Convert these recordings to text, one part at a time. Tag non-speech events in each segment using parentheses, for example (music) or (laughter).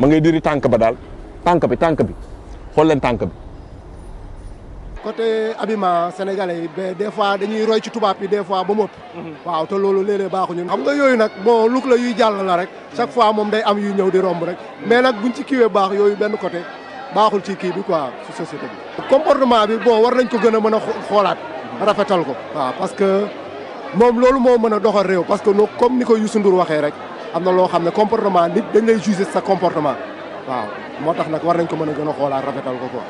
ma ngay diri tànk ba daal tànk bi tànk bi xool leen tànk bi. côté habillement sénégalais yi ba des fois dañuy roy ci tubaab yi des fois ba mopp mhm. waaw te loolu léeg-léeg baaxu ñun xam nga yooyu nag bon luk la yuy jàll la rek chaque fois moom day am yuy ñëw di romb rek mais nag buñ ci kiiwee baax yooyu benn côté baaxul ci kii bi quoi ci société bi comportement bi bon war nañ ko gën a mën a xoolaat rafetal ko waaw parce que moom loolu moo mën a doxal réew parce que no comme ni ko Youssou waxee rek am na loo xam ne comportement nit dañ lay juger sa comportement waaw moo tax nag war nañ ko mën a gën a xoolaat rafetal ko ko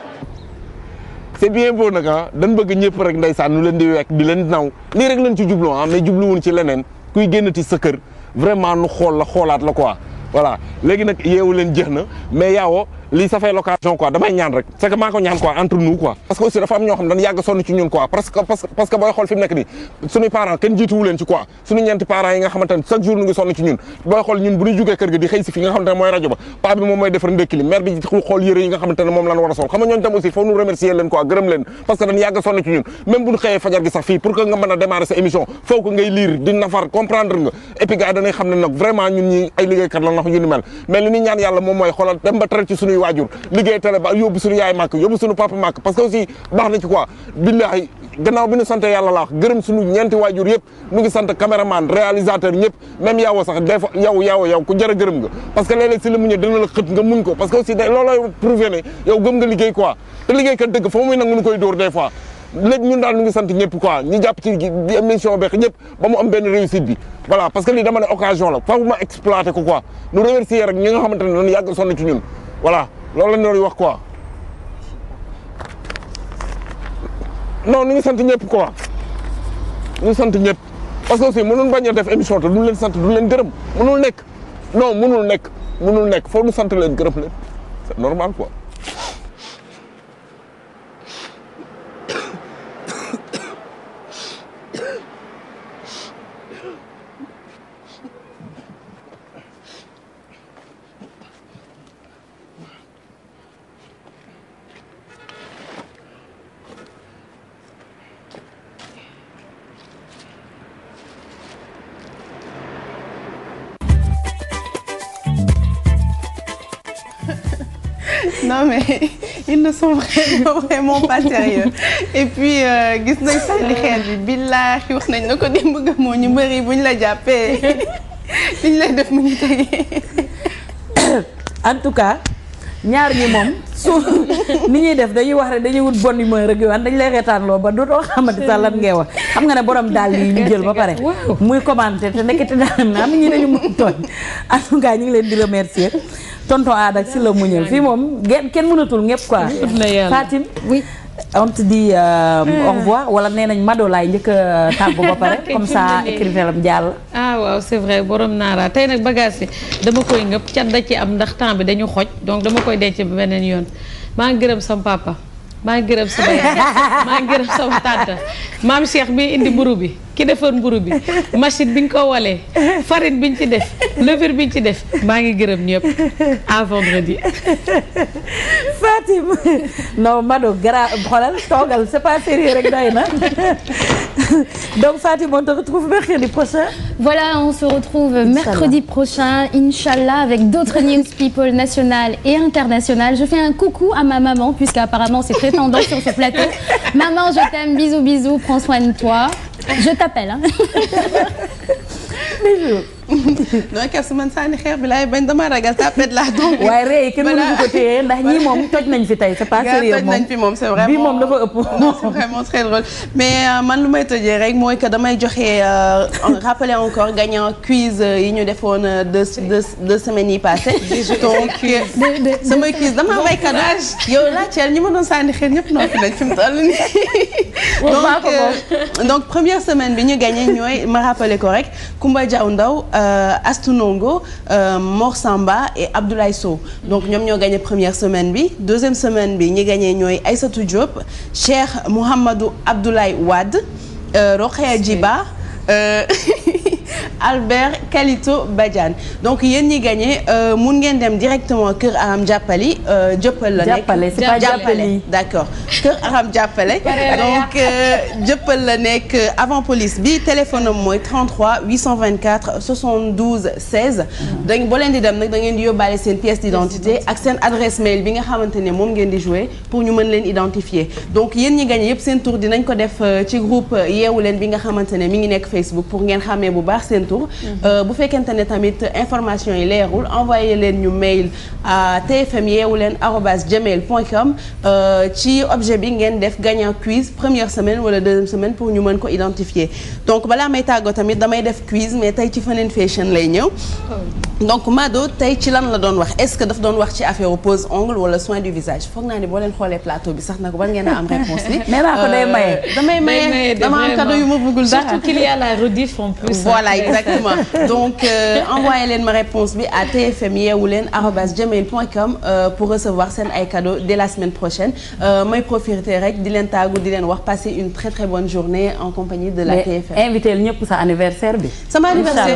c' est bien beau nag ah dañ bëgg ñëpp rek ndeysaan nu leen di wekk di leen naw lii rek lañ ci jublu ah mais jubluwuñ ci leneen kuy génnati sa kër vraiment nu xool la xoolaat la quoi. voilà léegi nag yeewu leen jeex na mais yaawoo lii ça fait l'occasion damay ñaan rek c'est que ñaan quoi entre nous quoi parce que booy xool fi nekk nii suñuy parents kenn jiituwu leen ci quoi suñu ñeenti parents yi nga xamante chaque jour ñu ngi sonn ci ñun booy xool ñun bu ñu jógee kër ga di xëy si fi nga xamante moom mooy defar ndékki li mère a sol tam aussi faut nous remercier leen quoi gërëm leen parce que dañu yàgg sonn ci ñun même bu ñu xëyee wax yu ni mel mais ñaan yàlla moom mooy xoolal dem ba tëral ci suñuy waajur liggéey tele ba yóbbu suñu yaay màkk yóbbu suñu papa màkk parce que aussi baax na ci quoi billahi gannaaw bi ñu sant yàlla laax gërëm suñu ñeenti waajur yëpp ñu ngi sant caméraman réalisateur ñëpp même yow sax des fois yow yow yow ku jar gërëm nga parce que léeg si la muñe dina la xët nga muñ ko parce que aussi loolooy prouvé ne gëm nga liggéey quoi te liggéey léegi ñun daal ñu ngi sant ñëpp quoi ñu jàpp ci mission beek ñëpp ba mu am benn réussite bi voilà parce que lii dama ne occasion la faaw ma exploité ko quoi nu remercier rek ñi nga xamante ne dañu yàgg sonn ci ñun voilà loolu la ñu doon wax quoi non ngi sant ñëpp quoi ñu sant ñëpp parce que aussi mënul bañ a def émission te duñ leen sant duñ leen gërëm mënul nekk non mënul nekk mënul nekk foo ñu sant leen gërëm leen c'est normal quoi non mais (laughs) ils ne sont vraiment, vraiment pas sérieux et puis euh, gis nañ sànni xeer bi billaahi wax nañ la ko démb gëmoo ñu bëri bu ñu la jàppee (laughs) li ñu lay def mu ngi tegee. en tout cas ñaar ñi moom suuf ni ñuy def dañuy wax rek dañuy wut bonne humeur rek yow dañu lay reetaanloo ba dootoo xamante sax lan ngay wax xam nga ne borom daal yi ñu jël ba pare. muy commenté te nekkati daal am na ñi dañu mën tooñ en ñu ngi leen di remercier. tonton Aada si la muñal fii moom kenn mënatul ñëpp ko Fatim oui. on di dit euh, ah. au revoir wala nee nañ Mado laay njëkk a tàggu ba pare (laughs) comme sa écrivain lam jàll. ah waaw c'est vrai borom naara tey nag bagage yi dama koy ngëpp cat da ci am ndax temps bi dañu xoj donc dama koy denc ba beneen yoon maa ngi gërëm sama papa maa ngi gërëm sama yaay (laughs) maa ngi gërëm sama tante maam Cheikh bi indi mburu bi. ki defar mburu bi machine bi nga ko walee farine bi ñu ci def levure bi ci def maa ngi gërëm ñëpp à vendredi. Fatim non Mado gara xoolal toogal c'est pas sérieux rek doy te retrouve mercredi prochain. voilà on se retrouve mercredi prochain Inch'Allah avec d'autres (laughs) news people et internationales je fais un coucou à ma maman puisque apparemment c'est très tendance sur ce plateau maman je t'aime bisous bisous prends soin de toi. Je t'appelle. Hein. Bonjour. (laughs) nooy kër su man sànni xeer bi laay bañ dama ragal tàppet laa donc (laughs) waaye ree yi kenn mënu ko téye moom toj nañ fi tey c'est pas sérieux moom toj nañ fi moom c'est vraiment bii moom dafa ëpp (laughs) non c'est vraiment très drôle mais euh, man lu may tëjee rek mooy que damay joxe euh, rappeler encore gagnant quiz euh, yi ñu defoon deux deux semaines yi passées (laughs) donc samay quiz dama may cadeau yow laa Thiel ñi ma doon sànni xeer ñëpp noppi nañ fi mu toll donc première semaine bi ñu gagné ñooy ma rappeler ko rek Koumba Diaw Ndaw Euh, Astou Ndongo euh, Mor Samba et Abdoulaye Sow donc ñoom ñoo gagné première semaine bi deuxième semaine bi ñi gañee ñooy Aïssatou Diop Cheikh Mouhamadou Abdoulaye Wade euh, Rokhaya Djiba (laughs) Albert Kalito Badiane donc yéen ñi gagné euh, mun ngeen dem directement Kër Aram Jàppali Jëppal euh, la nekk Jàppale d'accord Kër Aram Jàppale (laughs) donc Jëppal euh, la nekk avant police bi téléphone am mooy 33 824 72 16 dañ boo leen di dem nag da di yóbbaale seen pièce d'identité ak seen adresse mail bi nga xamante ne moom ngeen di jouer pour ñu mën leen identifier donc yéen ñi gagné yëpp seen tour nañ ko def ci groupe yeewu leen bi nga xamante ne mi ngi nekk Facebook pour ngeen xàmmee bu baax seen retour euh, bu fekkente ne tamit information yi leerul envoyé leen ñu mail à tfm yeewu leen arobase gmail point com euh, ci objet bi ngeen def gagnant quiz première semaine wala deuxième semaine pour ñu mën ko identifier donc balaa may tàggoo tamit damay def quiz mais tey ci Fun and Fashion lay ñëw donc Mado tey ci lan la doon wax est-ce que daf doon wax ci affaire pose ongle wala soin du visage foog naa ni boo leen xoolee plateau bi sax nag war ngeen a am réponse bi. (laughs) mais naa ko day maye. Euh, damay maye dama am cadeau yu ma bëggul dara surtout qu'il y a la rediff en plus. voilà exactement donc euh, envoyé leen ma réponse bi à tfm yeewu leen arobas gmail point euh, pour recevoir seen ay cadeaux dès la semaine prochaine euh, may profiter rek di leen tàggu di leen wax passer une très très bonne journée en compagnie de la tfm invité lu ñëpp sa anniversaire bi sama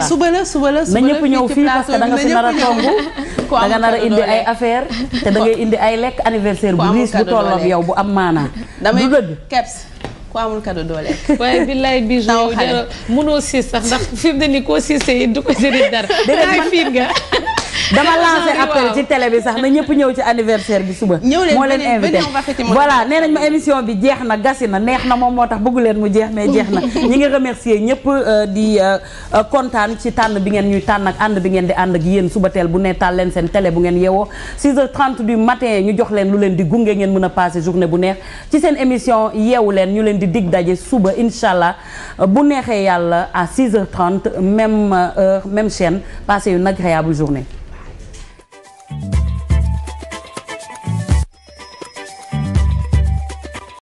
suba la suba la suba la na ñëpp ñëw fii parce que da nga fi nar a tombu (laughs) indi ay affaire te dangay indi ay lekk anniversaire bu riche bu tolloog yow bu am maanaa damay keps ku amul kado doo lekk. (laughs) waaye billaay bijoux. taw xale mënoo siis sax ndax fi mu ne nii koo siisee it du ko jëriñ dara. dëgg la fiin nga. (laughs) dama (laughs) lancé appel ci télé bi sax na ñëpp ñëw ci anniversaire bi suba. moo leen invité voilà nee nañ ma émission bi jeex na gasi na neex na moom moo tax bëggu leen mu jeex mais jeex na (laughs) ñi ngi remercier ñëpp euh, di euh, kontaan ci tànn bi ngeen ñuy tànn ak ànd bi ngeen di ànd ak yéen suba teel bu ne taal leen seen télé bu ngeen yeewoo 6h30 du matin ñu jox leen lu leen di gunge ngeen mën a passé journée bu neex ci seen émission yeewu leen ñu leen di dig daje suba incha allah bu neexee yàlla à 6h30 même heure même chaîne passez une agréable